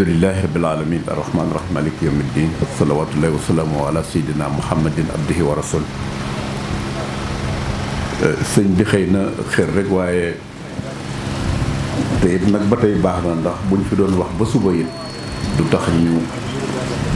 alhamdulillahi rabbil alamin arrahmaani rahim maliki yawmiddin salawatullahi wasalaamu ala sayyidina muhammadin abdihi wa rasul sëñ bi xëy na xër rek waaye te nag ba tey baax na ndax buñ fi doon wax ba suba yi du tax ñu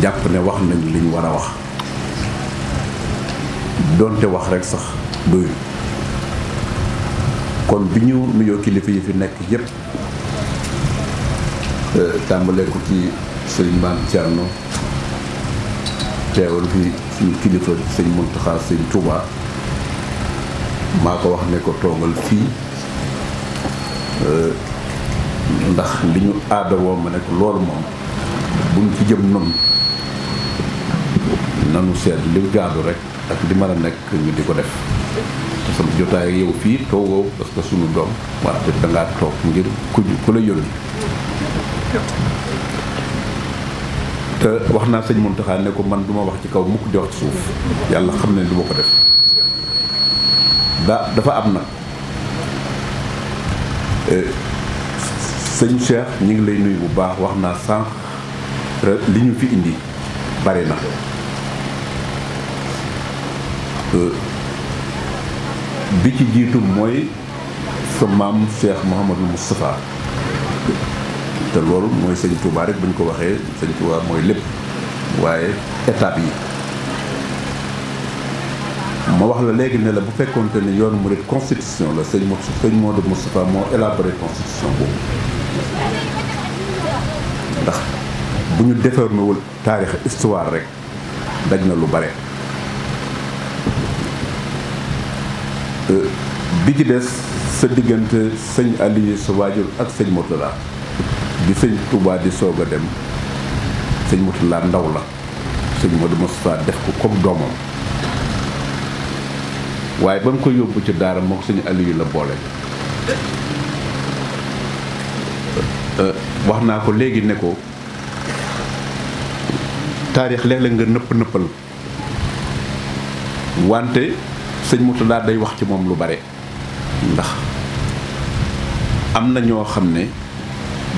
jàpp ne wax nañ li ñu war a wax doonte wax rek sax doyul kon bi ñu nuyoo kilifa yi fi nekk yépp Euh, tàmbalee ko ci sëriñ Maam Thierno teewal fi suñu kilifa sëñ Muntaxa sëñ Touba maa ko wax ne ko toogal fii euh, ndax li ñu aada woo ma ne ko loolu moom buñ ci jëm noonu nanu seet li gaadu rek ak li mën a nekk ñu di ko def te sama jotaay yow fii toogoo parce suñu doom wante dangaa toog ngir ku la yónni te wax naa sëñ Mountakha ne ko man du ma wax ci kaw mukk di wax suuf yàlla xam ne du ma ko def da dafa am na eh, sëñ Cheikh ñu ngi lay nuyu bu baax wax naa sànq li ñu fi indi bare na eh, bi ci jiitu mooy sa maam Cheikh Mouhamadou Moustapha te loolu mooy sëñ Touba rek bu ñu ko waxee sëñ Touba mooy lépp waaye étape yi ma wax la léegi ne la bu fekkoonte ni yoonu murid constitution la sëñ mo sëñ Modou Moustapha moo élaboré constitution boobu ndax bu ñu déforméwul taarix histoire rek daj na lu bare euh, bi ci des sa diggante sëñ Aliou sa waajur ak sëñ Mourtada bi sëñ Touba di soog a dem sëñ Moutalla ndaw la sëñ Modou Moustapha def ko comme doomam waaye ba mu ko yóbbu ci daara mook sëñ Aliou la boole euh, wax naa ko léegi ne ko taarix léeg-léeg nga nëpp nëppal wante sëñ Moutalla day wax ci moom lu bare ndax am na ñoo xam ne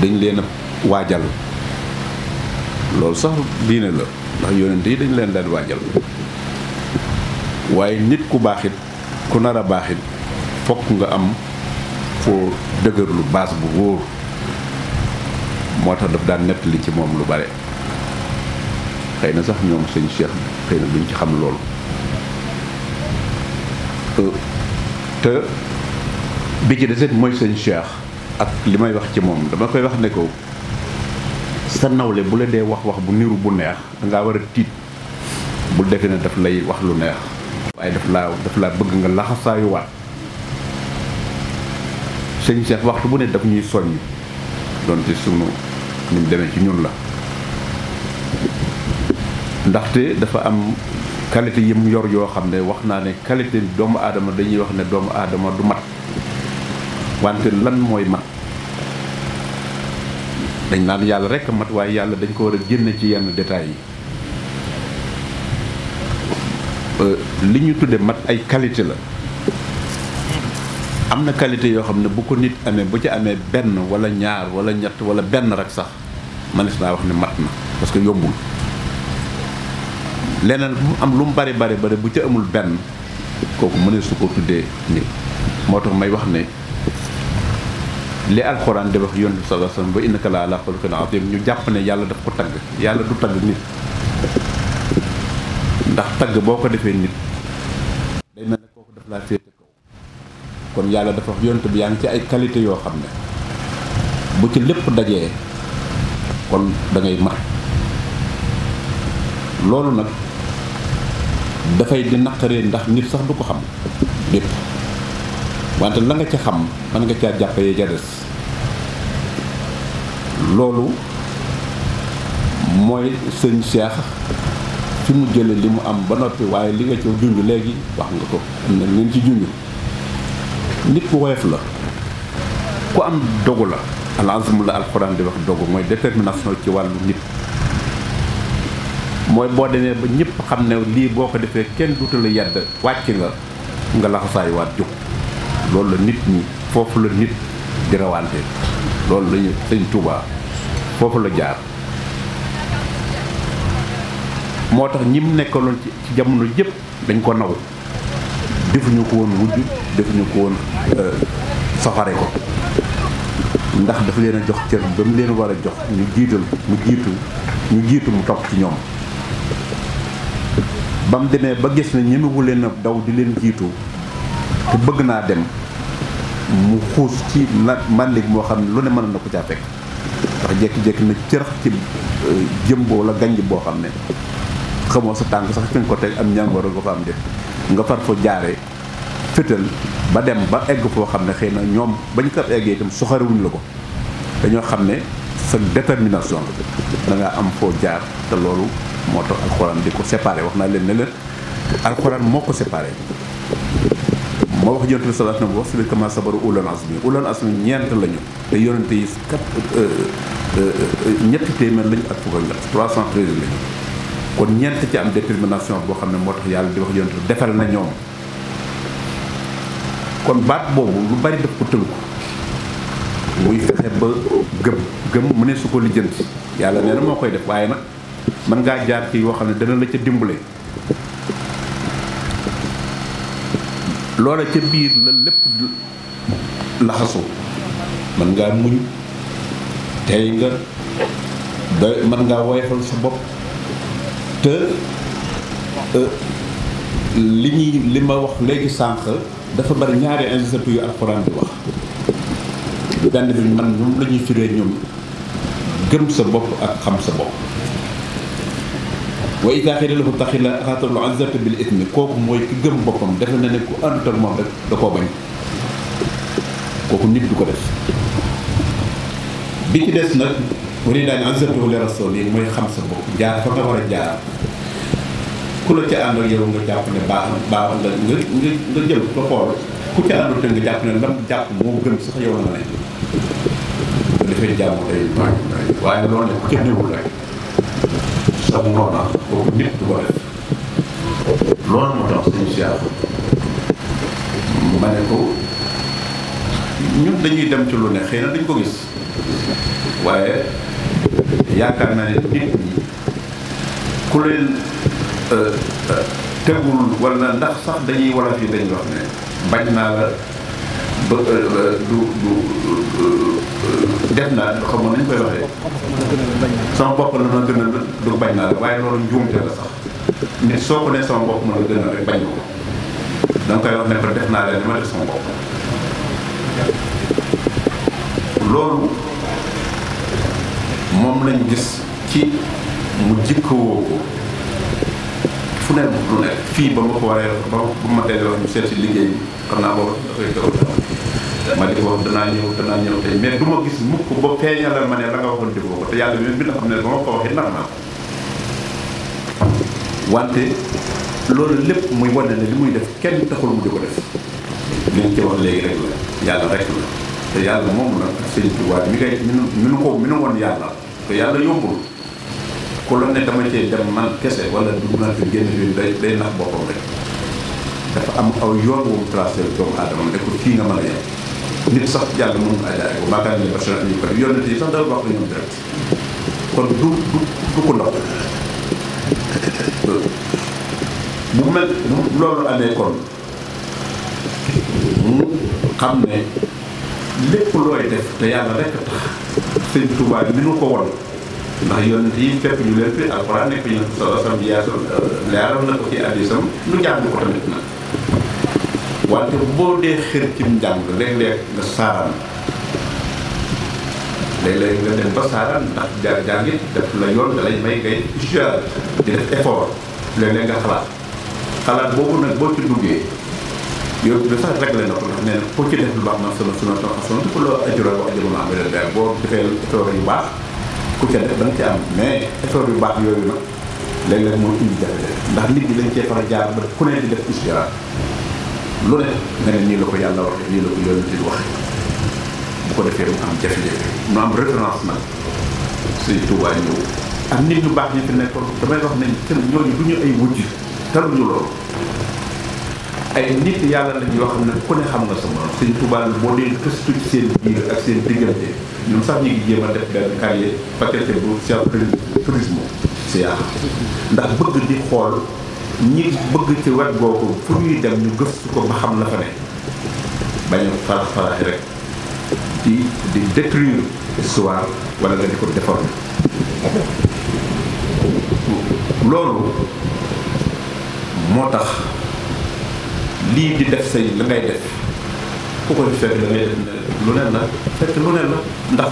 dañ leen a waajal loolu sax diine la ndax yonent yi dañ leen daan waajal waaye nit ku baaxit ku nar a baaxit fokk nga am foo lu base bu wóor moo tax daf daan nettali ci moom lu bare xëy na sax ñoom sëñ Cheikh xëy na duñ ci xam loolu euh, te bi ci deset mooy sëñ Cheikh ak li may wax ci moom dama koy wax ne ko sa nawle bu la dee wax wax bu niru bu neex dangaa war a tiit bul defe ne daf lay wax lu neex waaye daf laa daf laa bëgg nga laxasaayu waat sëñ Cheikh waxtu bu ne daf ñuy soññ doonte suma ni mu ci ñun la ndaxte dafa am qualité yi mu yor yoo xam ne wax naa ne qualité doomu aadama dañuy wax ne doomu aadama du mat wante lan mooy mat dañ naan yàlla rek mat waaye yàlla dañ ko war a génne ci yenn détails yi euh, li ñu tuddee mat ay qualité la am na qualité yoo xam ne bu ko nit amee bu ci amee benn wala ñaar wala ñett wala benn rek sax manes naa wax ne mat na parce que yombul leneen bu am lu mu bari bari bari bu ca amul benn kooku mënees su ko tuddee ni moo tax may wax ne li alxuraan di wax yonent bi sallallahu alayhi wasallam ba innaka la ala xuluqin azim ñu jàpp ne yàlla daf ko tagg yàlla du tagg nit ndax tagg boo ko defee nit day mel ne kooku daf laa féete kaw kon yàlla dafa wax bi yaa ngi ci ay qualité yoo xam ne bu ci lépp dajee kon dangay ngay mat loolu nag dafay di naqaree ndax nit sax du ko xam lépp wante la nga ca xam mën nga caa jàppee ja des loolu mooy sëñ Cheikh fi mu jële li mu am ba noppi waaye li nga ci junj léegi wax nga ko am na ngeen ci junj nit ku woyof la ku am dogu la alazmu la alxuraan di wax dogu mooy détermination ci wàllu nit mooy boo demee ba ñëpp xam ne lii boo ko defee kenn duuta la yedd wàcc nga nga laxasaayuwaat jóg loolu la nit ñi foofu la nit di rawante loolu la ñu sëñ foofu la jaar moo tax ñi mu nekkaloon ci jamono yépp dañ ko naw defuñu ko woon wujj defuñu ko woon euh, safare ko ndax dafa leen a jox cër ba mu leen war a jox ñu jiital mu jiitu ñu jiitu mu topp ci ñoom ba mu demee ba gis na ñemewu leen a daw di leen jiitu te bëgg naa dem mu xuus ci man màndig moo xam ne lu ne mën na ko caa fekk ndax jékki-jékki na cërëx ci euh, jëmboo la ganj boo xam ne xamoo sa tànk sax fi ko teg am njàngoro nga fa am def nga far foo jaaree fétal ba dem ba egg foo xam ne xëy na ñoom bañ ko eggee itam soxarewuñ la ko dañoo xam ne sa détermination danga am foo jaar te loolu moo tax alxuraan di ko séparé wax naa leen ne leen alxuraan moo ko séparé moo wax yonent bi salaat na mu wax si biir kama sabaru ulul azmi ulul azmi ñeent lañu te yonent yi quatre euh, euh, euh, ñetti téeméer lañu ak fukk ak ñett trois cent treize lañu kon ñeent ci am détermination boo xam ne moo tax yàlla di wax yonent bi defal na ñoom kon baat boobu lu bari def tënku muy fexe ba gëm gëm mu ne su ko lijjanti yàlla nee na moo koy def waaye nag mën ngaa jaar ci yoo xam ne dana la ca dimbale loola ca biir la lépp laxasoo mën ngaa muñ tey nga doy mën ngaa woyofal sa bopp te euh, li ñuy li ma wax léegi sànq dafa bari ñaari ingisatu yu alxuraan bi wax benn bi man ñoom lañuy ñuy firee ñoom gëm sa bopp ak xam sa bopp wa ida xila lahu taxila xatarul azatu bil ismi kooku mooy ki gëm boppam defe na ne ku àndut ak moom rek da koo bañ kooku nit du ko def bi ci des nag wari daan azatu li rasul yi mooy xam sa bopp jaar fa nga war a jaar ku la ca ànd ak yow nga jàpp ne baax nga nga jël ko xool ku ca àndul te nga jàpp ne lam jàpp moo gën sax yow la nga ne bu defee jàmm tey waaye loolu ne ca newul rek sax mu noona ah, kooku nit du ko def loolu moo tax suñu siyaar ma ne ko ñun dañuy dem ci lu ne xëy na dañ ko gis waaye yaakaar naa ne nit ñi ku leen euh, euh, tegul wala ndax sax dañuy wala fii dañuy wax ne bañ naa la ba euh, du du def naa xamoon nañ koy waxee sama bopp la doon gënal du bañ naa la waaye loolu njuumte la sax nit soo ko nee sama bopp mën la gënal rek bañ ko da koy wax ne def naa la li ma def sama bopp loolu moom lañ gis ci mu jikkawoo ko fu ne lu ne fii ba ma ko waree ba ma dellu wax ñu seet si liggéey bi xam naa boobu dafay doon ma di wax danaa ñëw danaa ñëw tey mais du gis mukk ba feeñalal ma ne la nga waxoon defoo ko te yàlla bi bi nga xam ne ba ma ko waxee nar naa wante loolu lépp muy wane ne li muy def kenn taxul mu di ko def liñ ci wax léegi rek la yàlla rek la te yàlla moom la sëñ Tuubaa mi ngay minu minu ko minu woon yàlla te yàlla yombul ku la ne dama cee dem man kese wala dugg naa fi génn day day nax boppam rek dafa am aw yoon wu mu doomu aadama ne a nit sax jàll moom ajaay ko maakaar ne bachar añu ko yonent yi sax dal wax ñoom direct kon du du du ko ndaw bu mel loolu amee kon mu xam ne lépp looy def te yàlla rek tax sëñ Tuubaa bi nu ko won ndax yonent yi fekk ñu leen fi alxuraan nekk ñu sallallahu alayhi wa na ko ci hadiisam lu jàng ko tamit nag wante boo dee xër ci njàng léeg-léeg nga saaraan léeg-léeg nga dem ba saaraan ndax jaar jàngit def la yoon da lay may ngay jaar di def effort léeg-léeg nga xalaat xalaat boobu nag boo ci duggee yooyu bi sax leen na ko ndax nee na ku ci def lu baax man sunu sunu toxa sunu ko loo ajuroo wax ajuroo am rek daal boo defee effort yu baax ku nga ci am mais effort yu baax yooyu nag léeg-léeg moo indi jafe-jafe ndax nit ñi lañ cee far a jaar ba ku ne di def istiraat lu ne nga nii la ko yàlla waxee nii la ko yonent bi waxee bu ko defee mu am jafe-jafe mu am référence nag suñ tubaab ñëw ak nit ñu baax ñi fi nekkoon damay wax ne kenn ñooñu du ñu ay wujj taruñu loolu ay nit yàlla lañ yoo xam ne ku ne xam nga sa morom suñ tubaab boo dee gëstu ci seen biir ak seen diggante ñoom sax ñu ngi jéem a def benn carrière paquet bu sel tourisme si yàlla ndax bëgg di xool ñi bëgg ci wet googu fu ñuy dem ñu gëstu ko ba xam la fa ne bañ a farax faraxi rek di di détruire histoire wala nga di ko déformer loolu moo tax lii di def say la ngay def ku ko fekk la def lu ne la fekk lu ne la ndax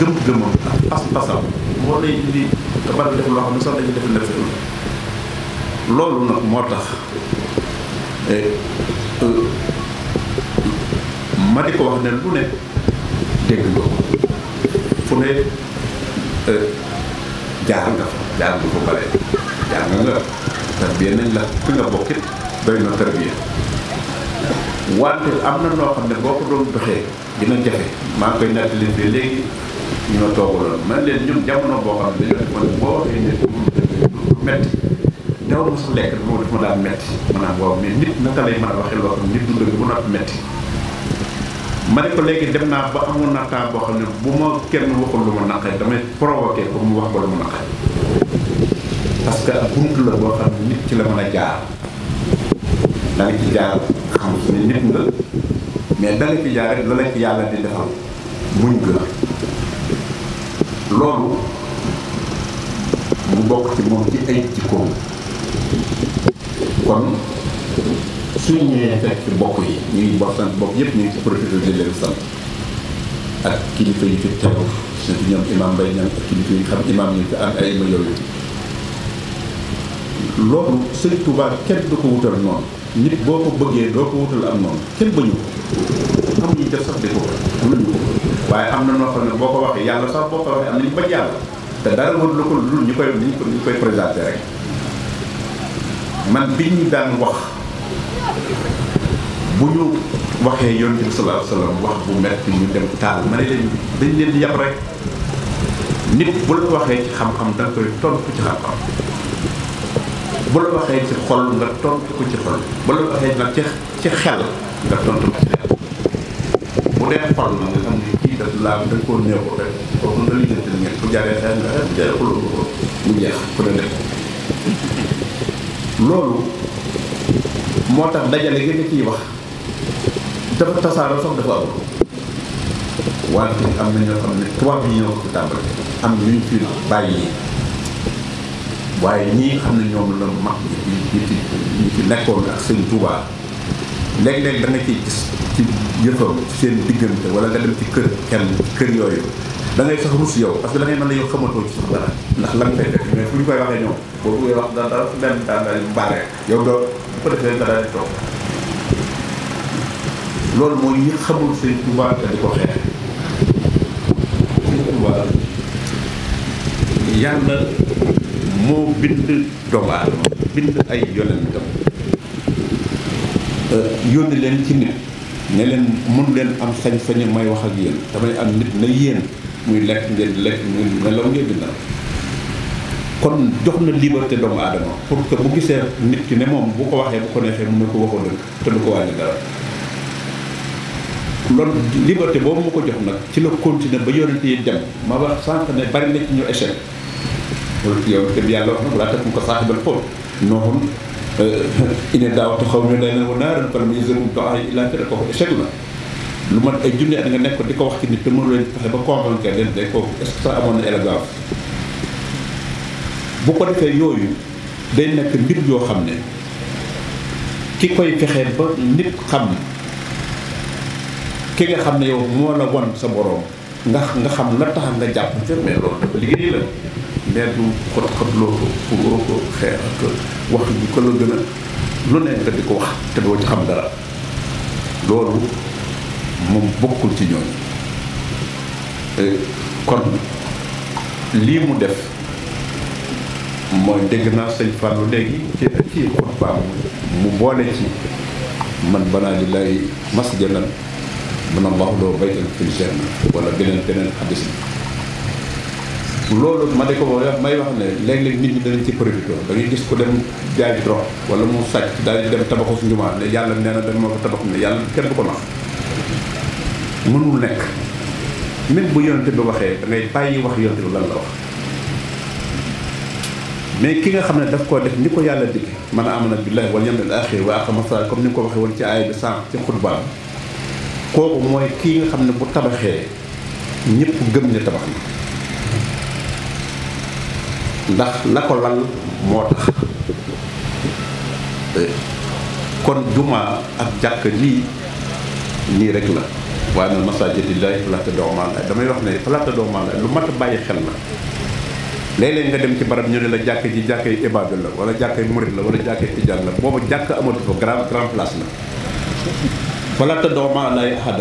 gëm-gëmam ak pas-pasam moo lay indi nga bari def loo xam ne sax dañuy def ne loolu nag moo tax eh, euh, ma di ko wax ne lu ne dégg nga fu ne eh, jaar nga fa jaar nga fa bare jaar nga nga tarbiya nañ la fi nga bokkit doy na tarbiya wante am na noo xam ne boo ko doon doxee dina jafe maa ngi koy naa bi léegi ñoo toogaloon man leen ñun jamono boo xam ne dañoo defoon boo waxee ne du metti daaw ma sax lekk a ma ne ko léegi dem naa amoon naa boo xam ne bu ma kenn waxul lu ma naqari mu wax que ak la boo xam ne ci la a jaar mais dala ci jaar rek la la ci yàlla di defal muñ nga loolu mu bokk ci moom ci ay jikkoom kon suñ ñëwee fekk bokk yi ñuy bokk sant bokk yëpp ñu ngi ci profité di leen sant ak kilifa yi fi teew surtout ñoom imaam bay ñoom kilifa yi xam imaam ñu fi am ay ma yooyu loolu du ko wutal noonu boo bëggee doo ko wutal am noonu kenn bañu ko am na noo xam ne boo ko waxee yàlla sax boo ko waxee am nañu bañ yàlla te dara woon lu ko lu ñu koy ñu koy présenté rek man bi ñu daan wax bu ñu waxee yonent bi sallallahu alayhi wasallam wax bu metti ñu dem taal ma leen dañ leen di yab rek nit bu la waxee ci xam-xam da nga koy tontu ci xam-xam bu la waxee ci xol nga tontu ko ci xol bu la waxee nag ci xel nga tontu ko ci xel bu nga xam koo nga lijjanti ngeen bu jaree xel nga bu jaree xuloo ko mu jeex ku ne def loolu moo tax dajale gën a ciy wax dafa tasaaroo sax dafa amul wante am na ñoo xam ne tubaab yi ñoo ko tàmbali am ñu fi bàyyi waaye ñii xam ne ñoom la mag ñi ci ñi ci nekkoon ak seen Tuubaa léeg-léeg da nga gis ci yëfam ci seen diggante wala nga dem ci kër kenn kër yooyu da ngay sax rus yow parce que da man mën na yow xamatoo ci sax dara ndax lan fay fekk mais fu ñu koy waxee ñoom boo buggee wax dara dara benn daan daal baalee yow doo bu ko defee nga daal toog loolu moo bind doomu aadama bind ay yonentam euh, yónni leen ci nit ne leen mun leen am sañ-sañu may wax ak yéen damay am nit na yéen muy lekk ngeen lekk muy nelaw ngeen di kon jox na liberté doomu aadama pour que bu gisee nit ki ne moom bu ko waxee bu ko neexee mën na ko waxoo dëgg te du ko wàññi dara loolu liberté boobu mu ko jox nag ci la continuer ba yonent yi dem ma sànq ne bari na te yàlla wax na balaa teg mu ko saaxibal foofu nooxum ine daawatu xaw ñu day na wa naaran falam yasirhum la lu mat ay junne at nga nekk ko di ko wax ci nit te mënu leen fexe ba convaincre leen day kooku est ce na élégance bu ko defee yooyu day nekk mbir yoo xam ne ki koy fexee ba nit xam ki nga xam ne yow moo la wan sa borom nga nga xam la tax nga jàpp ca liggéey la mais du xot xotloo ko furoo ko xeex ak wax ju ko la gën a lu ne nga di ko wax te doo ci xam dara loolu moom bokkul ci ñooñu kon lii mu def mooy dégg naa sëñ Fallou léegi ci ci xutbaam mu boole ci man banaa lillahi masjidan man allahu loo baytan fil janna wala beneen beneen xadis bi loolu ma di ko wax may wax ne léeg-léeg nit ñi danañ ci profité da ngay gis ko dem jaay drogue wala mu sàcc daal di dem tabaxu su njumaa ne yàlla nee na dama ko tabax ne yàlla kenn du ko nax mënul nekk même bu yonent bi waxee da ngay bàyyi wax yonent bi lan la wax mais ki nga xam ne daf koo def ni ko yàlla digg man amana billahi wal yawmil axir wa aqama saa comme ni nga ko waxee woon ci aaya bi sànq ci xutbaam kooku mooy kii nga xam ne bu tabaxee ñëpp gëm ne tabax na ndax la ko lal moo tax kon jumaa ak jàkk nii nii rek la waaye nag masaajidillaahi falaa tad'uu ma'a llaahi damay wax ne falaa tad'uu ma'a llaahi lu mat a bàyyi xel la léeg-léeg nga dem ci barab ñu ne la jàkk ji jàkkay ibaadu la wala jàkkay murit la wala jàkkay tijaan la booba jàkk amatu fa grand grand place la falaa tad'uu ma'a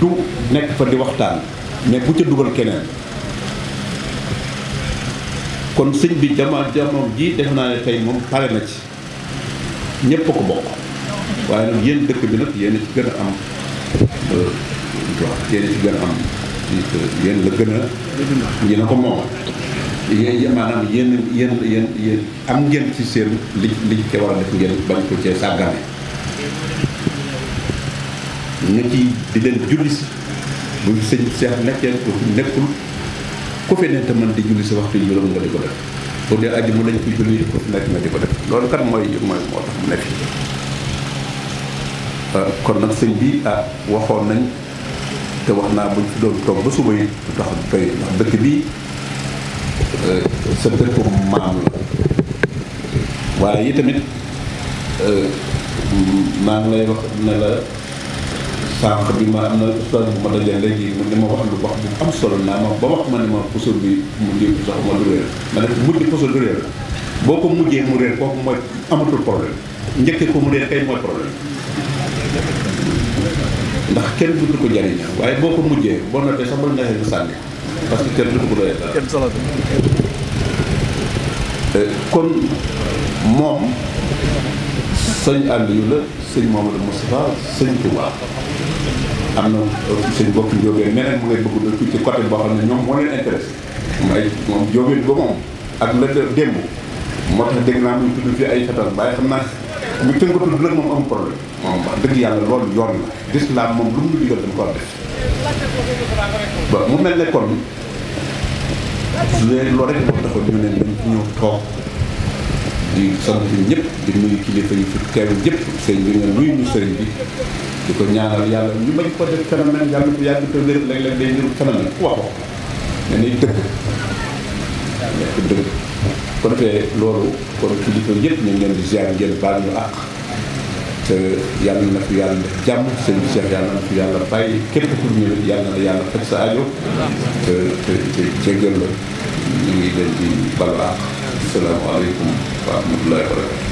du nekk fa di waxtaan mais bu ca dugal keneen kon sëñ bi jama jamoom ji def naa ne tey moom pare na ci ñépp a ko bokk waaye nag dëkk bi na yéen a ci gën a am euh, yéen ci gën am yéen la gën a yéen ko moom yéen maanaam yéen yéen yéen am ngeen ci seen li liñ ci war a def ngeen bañ ko cee sàggane ñu ci di leen julli si bu sëñ Cheikh nekkee ko nekkul ku fi te mën di julli si waxtu yi juróom nga mu lañ ko julli ko nga di ko def loolu kat mooy mooy moo tax mu nekk ah, kon nag sëñ bi ah waxoon nañ te wax naa buñ fi doon toog ba suba yi du tax tey ndax dëkk euh, sa dëkku maam la waaye yi tamit euh, maa ngi lay wax ne la sànq bi ma am na ustaas bu ma dajale léegi ne ma wax lu wax bu am solo naa ma ba wax ma ne ma poson bi mu di sax ma du réer ma ne mujj poson du réer boo ko mujjee mu réer kooku mooy amatul problème njëkkee ko mu réer kay mooy problème ndax kenn duñu ko jariñ waaye boo ko mujjee boo noppee sax sa nga xëy na sànni parce que kenn duñu ko doyee dara. kenn euh, kon moom sëñ Aliou la sëñ Mamadou Moustapha sëñ Touba am na sëñ bokk njóobeen meneen mu ngay bëgg dëkk ci côté boo xam ne ñoom moo leen intéressé moom ay moom njóobeen ba moom ak la démb moo tax dégg naa muy tudd fi ay fetal waaye xam naa. lu tënkatu du nag moom am problème moom wax dëgg yàlla loolu yoon la lislaam moom lu mu ñu digal dañ ko war def ba mu mel ne kon léegi loolu rek moo taxoon ñu ne dañ fi ñëw toog di sant ñëpp di nuyu kilifa yi fi teew ñëpp sëñ bi nga nuyu ñu sëriñ bi di ko ñaanal yàlla ñu bañ ko def phénomène yàlla ko yàgg te léeg-léeg day niru phénomène ku wax wax nga ne dëgg nekk dëgg ko defee loolu kon kilifa yëpp ñu ngi leen di ziar ngeen baal ñu àq te yàlla na fi yàlla def jàmm sëñ bi Cheikh yàlla na fi yàlla bàyyi képp ku ñëw yàlla na yàlla faj sa aajo te te te jéggal la ñu ngi leen di baal àq asalaamaaleykum wa rahmatullahi wa barakatu